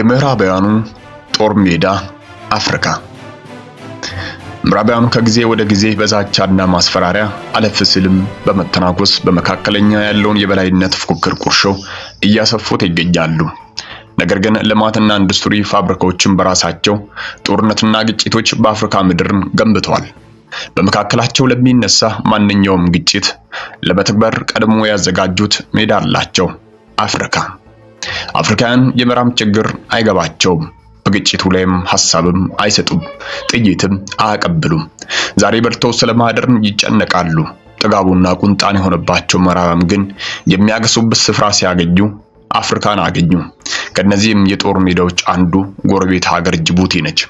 የምዕራባውያኑ ጦር ሜዳ አፍሪካ ምዕራባውያኑ ከጊዜ ወደ ጊዜ በዛቻና ማስፈራሪያ አለፍ ሲልም በመተናኮስ በመካከለኛ ያለውን የበላይነት ፉክክር ቁርሾ እያሰፉት ይገኛሉ። ነገር ግን ልማትና ኢንዱስትሪ ፋብሪካዎችን በራሳቸው ጦርነትና ግጭቶች በአፍሪካ ምድርን ገንብተዋል። በመካከላቸው ለሚነሳ ማንኛውም ግጭት ለመተግበር ቀድሞ ያዘጋጁት ሜዳ አላቸው። አፍሪካ አፍሪካውያን የምዕራብ ችግር አይገባቸውም። በግጭቱ ላይም ሐሳብም አይሰጡም፣ ጥይትም አያቀብሉም። ዛሬ በልተው ስለማደርን ይጨነቃሉ። ጥጋቡና ቁንጣን የሆነባቸው ምዕራባውያን ግን የሚያገሱበት ስፍራ ሲያገኙ አፍሪካን አገኙ። ከነዚህም የጦር ሜዳዎች አንዱ ጎረቤት ሀገር ጅቡቲ ነች።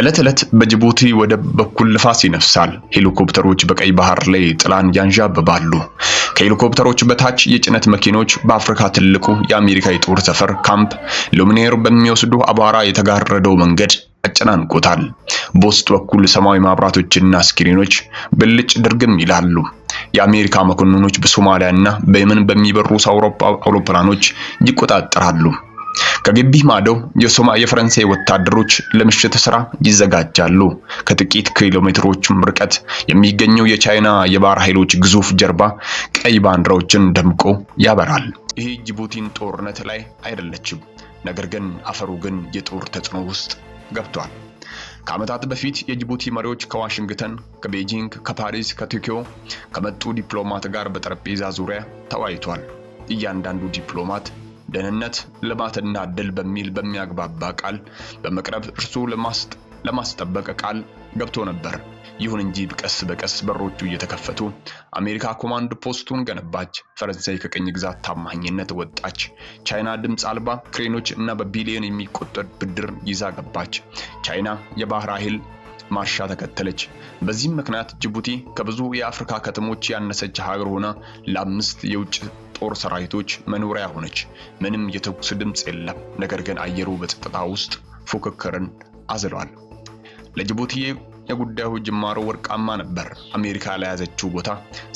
ዕለት ዕለት በጅቡቲ ወደብ በኩል ንፋስ ይነፍሳል። ሄሊኮፕተሮች በቀይ ባህር ላይ ጥላን ያንዣብባሉ። ከሄሊኮፕተሮች በታች የጭነት መኪኖች በአፍሪካ ትልቁ የአሜሪካ የጦር ሰፈር ካምፕ ሉሚኔር በሚወስዱ አቧራ የተጋረደው መንገድ አጨናንቆታል። በውስጥ በኩል ሰማያዊ መብራቶችና ስክሪኖች ብልጭ ድርግም ይላሉ። የአሜሪካ መኮንኖች በሶማሊያና በየመን በሚበሩ አውሮፕላኖች ይቆጣጠራሉ። ከግቢ ማዶ የፈረንሳይ ወታደሮች ለምሽት ስራ ይዘጋጃሉ። ከጥቂት ኪሎሜትሮችም ርቀት የሚገኘው የቻይና የባህር ኃይሎች ግዙፍ ጀርባ ቀይ ባንዲራዎችን ደምቆ ያበራል። ይህ ጅቡቲን ጦርነት ላይ አይደለችም፣ ነገር ግን አፈሩ ግን የጦር ተጽዕኖ ውስጥ ገብቷል። ከዓመታት በፊት የጅቡቲ መሪዎች ከዋሽንግተን፣ ከቤጂንግ፣ ከፓሪስ፣ ከቶኪዮ ከመጡ ዲፕሎማት ጋር በጠረጴዛ ዙሪያ ተወያይቷል። እያንዳንዱ ዲፕሎማት ደህንነት፣ ልማትና ድል በሚል በሚያግባባ ቃል በመቅረብ እርሱ ለማስጠበቅ ቃል ገብቶ ነበር። ይሁን እንጂ ቀስ በቀስ በሮቹ እየተከፈቱ አሜሪካ ኮማንድ ፖስቱን ገነባች። ፈረንሳይ ከቅኝ ግዛት ታማኝነት ወጣች። ቻይና ድምፅ አልባ ክሬኖች እና በቢሊዮን የሚቆጠር ብድር ይዛ ገባች። ቻይና የባህር ኃይል ማርሻ ተከተለች። በዚህም ምክንያት ጅቡቲ ከብዙ የአፍሪካ ከተሞች ያነሰች ሀገር ሆና ለአምስት የውጭ የጦር ሰራዊቶች መኖሪያ ሆነች። ምንም የተኩስ ድምፅ የለም። ነገር ግን አየሩ በጸጥታ ውስጥ ፉክክርን አዝሏል። ለጅቡቲ የጉዳዩ ጅማሮ ወርቃማ ነበር። አሜሪካ ለያዘችው ቦታ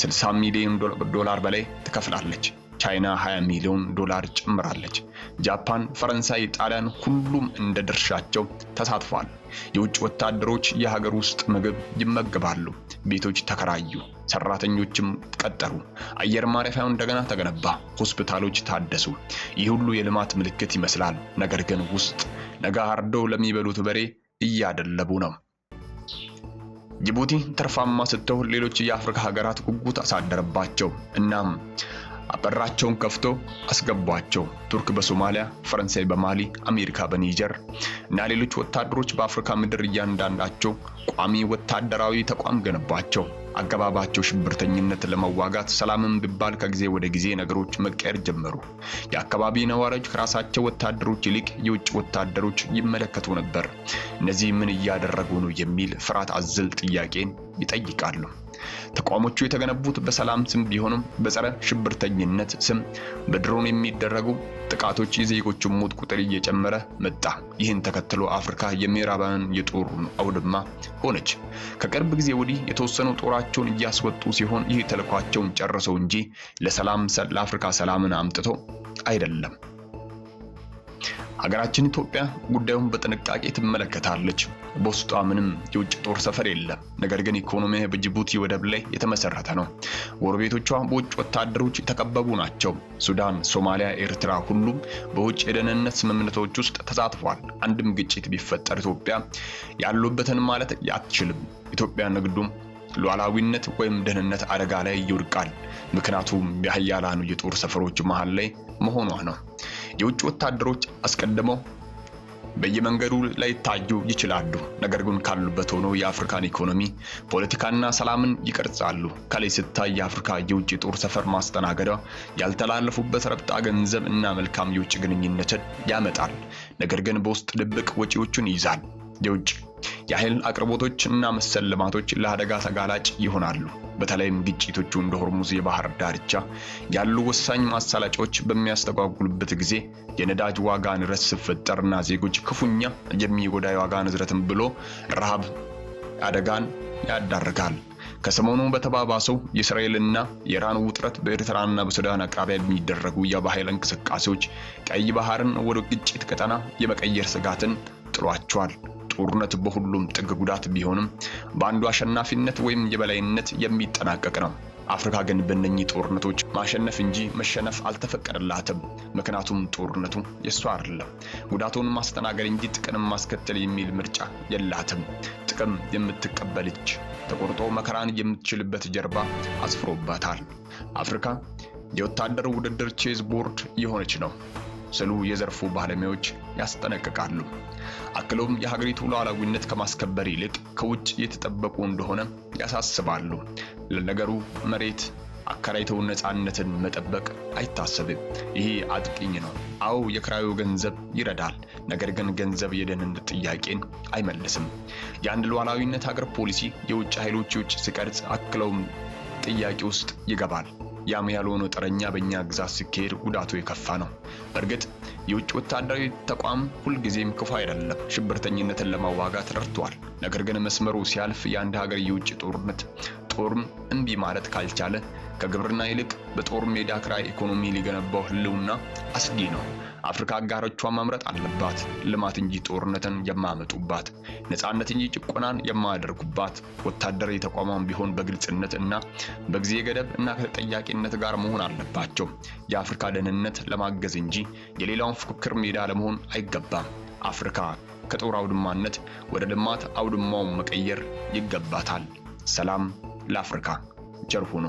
60 ሚሊዮን ዶላር በላይ ትከፍላለች። ቻይና 20 ሚሊዮን ዶላር ጨምራለች። ጃፓን፣ ፈረንሳይ፣ ጣሊያን ሁሉም እንደ ድርሻቸው ተሳትፏል። የውጭ ወታደሮች የሀገር ውስጥ ምግብ ይመገባሉ። ቤቶች ተከራዩ። ሰራተኞችም ቀጠሩ። አየር ማረፊያው እንደገና ተገነባ፣ ሆስፒታሎች ታደሱ። ይህ ሁሉ የልማት ምልክት ይመስላል። ነገር ግን ውስጥ ነገ አርዶ ለሚበሉት በሬ እያደለቡ ነው። ጅቡቲ ትርፋማ ስትሆን ሌሎች የአፍሪካ ሀገራት ጉጉት አሳደረባቸው። እናም በራቸውን ከፍቶ አስገቧቸው። ቱርክ በሶማሊያ፣ ፈረንሳይ በማሊ፣ አሜሪካ በኒጀር እና ሌሎች ወታደሮች በአፍሪካ ምድር እያንዳንዳቸው ቋሚ ወታደራዊ ተቋም ገነባቸው። አገባባቸው ሽብርተኝነት ለመዋጋት ሰላምም ቢባል ከጊዜ ወደ ጊዜ ነገሮች መቀየር ጀመሩ። የአካባቢ ነዋሪዎች ከራሳቸው ወታደሮች ይልቅ የውጭ ወታደሮች ይመለከቱ ነበር። እነዚህ ምን እያደረጉ ነው የሚል ፍርሃት አዘል ጥያቄን ይጠይቃሉ። ተቋሞቹ የተገነቡት በሰላም ስም ቢሆንም በጸረ ሽብርተኝነት ስም በድሮን የሚደረጉ ጥቃቶች የዜጎቹ ሞት ቁጥር እየጨመረ መጣ። ይህን ተከትሎ አፍሪካ የምዕራባውያን የጦር አውድማ ሆነች። ከቅርብ ጊዜ ወዲህ የተወሰኑ ጦራቸውን እያስወጡ ሲሆን ይህ ተልኳቸውን ጨርሰው እንጂ ለሰላም ለአፍሪካ ሰላምን አምጥቶ አይደለም። ሀገራችን ኢትዮጵያ ጉዳዩን በጥንቃቄ ትመለከታለች። በውስጧ ምንም የውጭ ጦር ሰፈር የለም። ነገር ግን ኢኮኖሚ በጅቡቲ ወደብ ላይ የተመሰረተ ነው። ጎረቤቶቿ በውጭ ወታደሮች የተከበቡ ናቸው። ሱዳን፣ ሶማሊያ፣ ኤርትራ ሁሉም በውጭ የደህንነት ስምምነቶች ውስጥ ተሳትፏል። አንድም ግጭት ቢፈጠር ኢትዮጵያ ያሉበትን ማለት አትችልም። ኢትዮጵያ ንግዱም ሉዓላዊነት ወይም ደህንነት አደጋ ላይ ይወድቃል። ምክንያቱም የሀያላኑ የጦር ሰፈሮች መሃል ላይ መሆኗ ነው። የውጭ ወታደሮች አስቀድመው በየመንገዱ ላይ ታዩ ይችላሉ፣ ነገር ግን ካሉበት ሆኖ የአፍሪካን ኢኮኖሚ፣ ፖለቲካና ሰላምን ይቀርጻሉ። ከላይ ስታይ የአፍሪካ የውጭ ጦር ሰፈር ማስተናገዷ ያልተላለፉበት ረብጣ ገንዘብ እና መልካም የውጭ ግንኙነትን ያመጣል፣ ነገር ግን በውስጥ ድብቅ ወጪዎቹን ይይዛል። የውጭ የኃይል አቅርቦቶች እና መሰል ልማቶች ለአደጋ ተጋላጭ ይሆናሉ። በተለይም ግጭቶቹ እንደ ሆርሙዝ የባህር ዳርቻ ያሉ ወሳኝ ማሳላጫዎች በሚያስተጓጉሉበት ጊዜ የነዳጅ ዋጋ ንረት ሲፈጠርና ዜጎች ክፉኛ የሚጎዳ የዋጋ ንዝረትን ብሎ ረሃብ አደጋን ያዳርጋል። ከሰሞኑ በተባባሰው የእስራኤልና የኢራን ውጥረት በኤርትራና በሱዳን አቅራቢያ የሚደረጉ የባህል እንቅስቃሴዎች ቀይ ባህርን ወደ ግጭት ቀጠና የመቀየር ስጋትን ጥሏቸዋል። ጦርነት በሁሉም ጥግ ጉዳት ቢሆንም በአንዱ አሸናፊነት ወይም የበላይነት የሚጠናቀቅ ነው። አፍሪካ ግን በእነኚህ ጦርነቶች ማሸነፍ እንጂ መሸነፍ አልተፈቀደላትም። ምክንያቱም ጦርነቱ የእሷ አይደለም። ጉዳቱን ማስተናገድ እንጂ ጥቅምን ማስከተል የሚል ምርጫ የላትም። ጥቅም የምትቀበልች ተቆርጦ መከራን የምትችልበት ጀርባ አስፍሮባታል። አፍሪካ የወታደር ውድድር ቼዝ ቦርድ የሆነች ነው። ስሉ የዘርፉ ባለሙያዎች ያስጠነቅቃሉ። አክሎም የሀገሪቱ ሉዓላዊነት ከማስከበር ይልቅ ከውጭ የተጠበቁ እንደሆነ ያሳስባሉ። ለነገሩ መሬት አከራይተው ነፃነትን መጠበቅ አይታሰብም። ይሄ አጥቂኝ ነው። አዎ የክራዩ ገንዘብ ይረዳል፣ ነገር ግን ገንዘብ የደህንነት ጥያቄን አይመልስም። የአንድ ሉዓላዊነት ሀገር ፖሊሲ የውጭ ኃይሎች የውጭ ሲቀርጽ አክለውም ጥያቄ ውስጥ ይገባል። ያም ያልሆነው ተረኛ በእኛ ግዛት ሲካሄድ ጉዳቱ የከፋ ነው። በእርግጥ የውጭ ወታደራዊ ተቋም ሁልጊዜም ክፉ አይደለም፣ ሽብርተኝነትን ለማዋጋት ረድቷል። ነገር ግን መስመሩ ሲያልፍ የአንድ ሀገር የውጭ ጦርነት ጦርም እምቢ ማለት ካልቻለ ከግብርና ይልቅ በጦር ሜዳ ክራይ ኢኮኖሚ ሊገነባው ህልውና አስጊ ነው። አፍሪካ አጋሮቿን መምረጥ አለባት። ልማት እንጂ ጦርነትን የማያመጡባት፣ ነፃነት እንጂ ጭቆናን የማያደርጉባት፣ ወታደራዊ ተቋሟም ቢሆን በግልጽነት እና በጊዜ ገደብ እና ከተጠያቂነት ጋር መሆን አለባቸው። የአፍሪካ ደህንነት ለማገዝ እንጂ የሌላውን ፉክክር ሜዳ ለመሆን አይገባም። አፍሪካ ከጦር አውድማነት ወደ ልማት አውድማውን መቀየር ይገባታል። ሰላም ለአፍሪካ። ቸር ሁኑ።